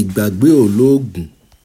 ìgbàgbé olóògùn